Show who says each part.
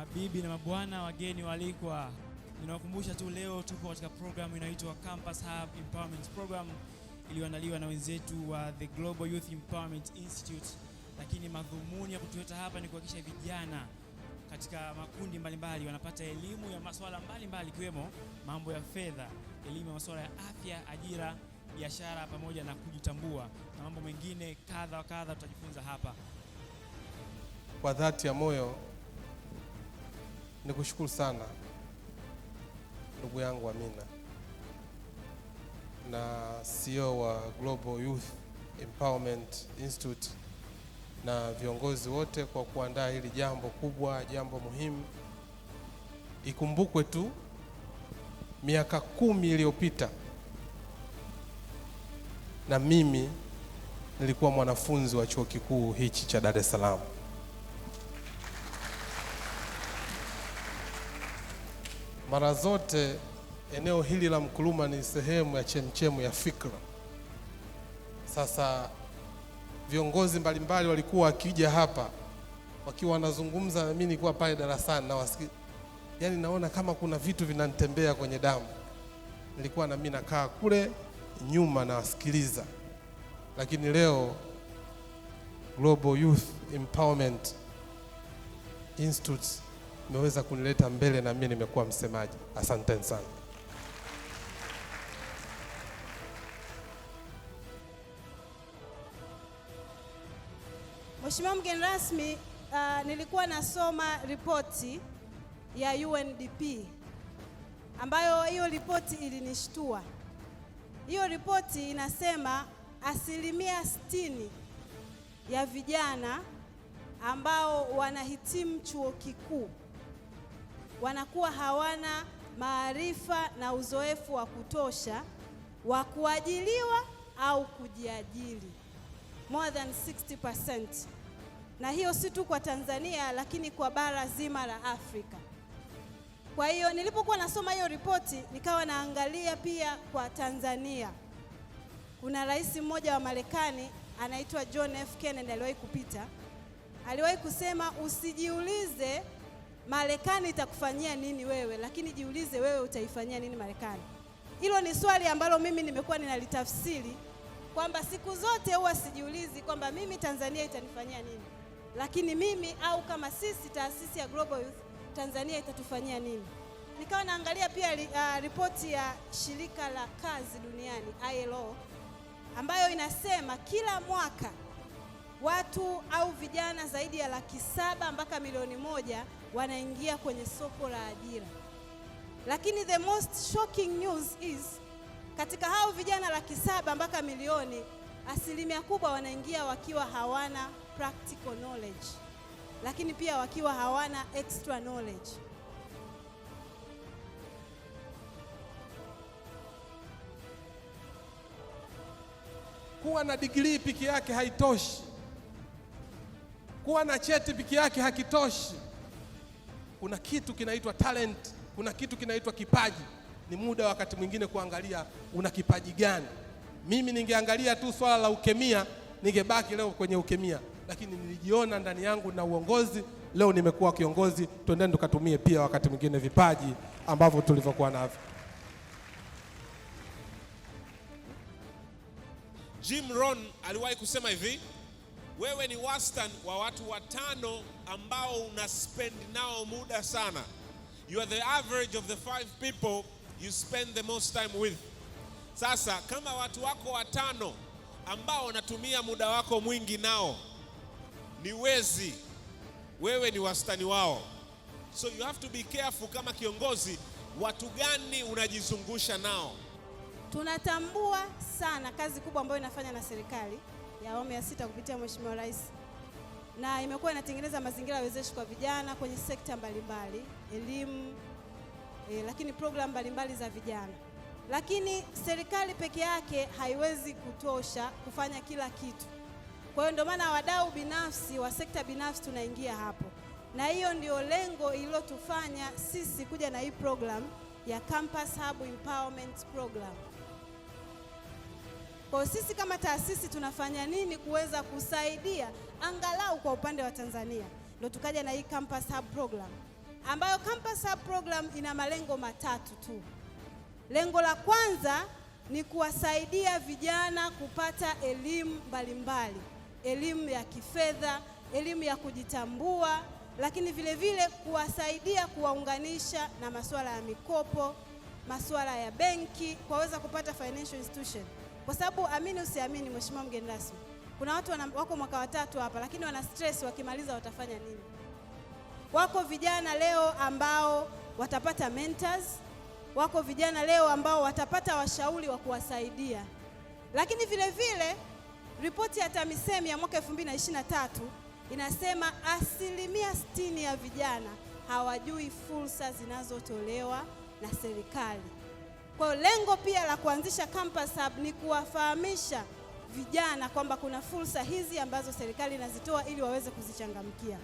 Speaker 1: Mabibi na mabwana, wageni waalikwa, ninawakumbusha tu leo tupo katika programu inaitwa Campus Hub Empowerment Program iliyoandaliwa na wenzetu wa The Global Youth Empowerment Institute, lakini madhumuni ya kutuleta hapa ni kuhakikisha vijana katika makundi mbalimbali wanapata elimu ya masuala mbalimbali ikiwemo mambo ya fedha, elimu ya masuala ya afya, ajira, biashara pamoja na kujitambua na mambo mengine kadha wa kadha tutajifunza hapa.
Speaker 2: Kwa dhati ya moyo Nikushukuru sana ndugu yangu Amina, na CEO wa Global Youth Empowerment Institute na viongozi wote kwa kuandaa hili jambo kubwa, jambo muhimu. Ikumbukwe tu miaka kumi iliyopita na mimi nilikuwa mwanafunzi wa chuo kikuu hichi cha Dar es Salaam. Mara zote eneo hili la Mkuluma ni sehemu ya chemchemu ya fikra. Sasa viongozi mbalimbali walikuwa wakija hapa wakiwa wanazungumza, nami nilikuwa pale darasani na wasiki, yani naona kama kuna vitu vinanitembea kwenye damu. Nilikuwa nami nakaa kule nyuma nawasikiliza, lakini leo Global Youth Empowerment Institute umeweza kunileta mbele na mimi nimekuwa msemaji. Asanteni sana.
Speaker 3: Mheshimiwa mgeni rasmi, uh, nilikuwa nasoma ripoti ya UNDP ambayo hiyo ripoti ilinishtua. Hiyo ripoti inasema asilimia sitini ya vijana ambao wanahitimu chuo kikuu wanakuwa hawana maarifa na uzoefu wa kutosha wa kuajiliwa au kujiajiri, more than 60%. Na hiyo si tu kwa Tanzania, lakini kwa bara zima la Afrika. Kwa hiyo nilipokuwa nasoma hiyo ripoti, nikawa naangalia pia kwa Tanzania. Kuna rais mmoja wa Marekani anaitwa John F. Kennedy aliwahi kupita, aliwahi kusema usijiulize Marekani itakufanyia nini wewe, lakini jiulize wewe utaifanyia nini Marekani. Hilo ni swali ambalo mimi nimekuwa ninalitafsiri kwamba siku zote huwa sijiulizi kwamba mimi Tanzania itanifanyia nini, lakini mimi au kama sisi taasisi ya Global Youth Tanzania itatufanyia nini. Nikawa naangalia pia uh, ripoti ya shirika la kazi duniani ILO ambayo inasema kila mwaka watu au vijana zaidi ya laki saba mpaka milioni moja wanaingia kwenye soko la ajira. Lakini the most shocking news is katika hao vijana laki saba mpaka milioni, asilimia kubwa wanaingia wakiwa hawana practical knowledge, lakini pia wakiwa hawana extra knowledge.
Speaker 4: Kuwa na digrii peke yake haitoshi kuwa na cheti peke yake hakitoshi. Kuna kitu kinaitwa talent, kuna kitu kinaitwa kipaji. Ni muda wakati mwingine kuangalia una kipaji gani. Mimi ningeangalia tu swala la ukemia, ningebaki leo kwenye ukemia, lakini nilijiona ndani yangu na uongozi, leo nimekuwa kiongozi. Twendeni tukatumie pia wakati mwingine vipaji ambavyo tulivyokuwa navyo.
Speaker 5: Jim Rohn aliwahi kusema hivi wewe ni wastani wa watu watano ambao una spend nao muda sana. You are the average of the five people you spend the most time with. Sasa kama watu wako watano ambao wanatumia muda wako mwingi nao ni wezi, wewe ni wastani wao. So you have to be careful kama kiongozi, watu gani unajizungusha nao.
Speaker 3: Tunatambua sana kazi kubwa ambayo inafanya na serikali ya awamu ya sita kupitia Mheshimiwa Rais na imekuwa inatengeneza mazingira wezeshi kwa vijana kwenye sekta mbalimbali elimu, e, lakini programu mbalimbali za vijana. Lakini serikali peke yake haiwezi kutosha kufanya kila kitu. Kwa hiyo ndio maana wadau binafsi wa sekta binafsi tunaingia hapo, na hiyo ndio lengo ililotufanya sisi kuja na hii program ya Campus Hub Empowerment Program. Kwa sisi kama taasisi tunafanya nini kuweza kusaidia angalau kwa upande wa Tanzania? Ndio tukaja na hii Campus Hub program, ambayo Campus Hub program ina malengo matatu tu. Lengo la kwanza ni kuwasaidia vijana kupata elimu mbalimbali, elimu ya kifedha, elimu ya kujitambua, lakini vile vile kuwasaidia kuwaunganisha na masuala ya mikopo, masuala ya benki, kwaweza kupata financial institution kwa sababu amini usiamini, mheshimiwa mgeni rasmi, kuna watu wako mwaka watatu hapa, lakini wana stress, wakimaliza watafanya nini? Wako vijana leo ambao watapata mentors, wako vijana leo ambao watapata washauri wa kuwasaidia, lakini vile vile ripoti ya TAMISEMI ya mwaka 2023 inasema asilimia sitini ya vijana hawajui fursa zinazotolewa na serikali. Kwa hiyo lengo pia la kuanzisha Campus Hub ni kuwafahamisha vijana kwamba kuna fursa hizi ambazo serikali inazitoa ili waweze kuzichangamkia.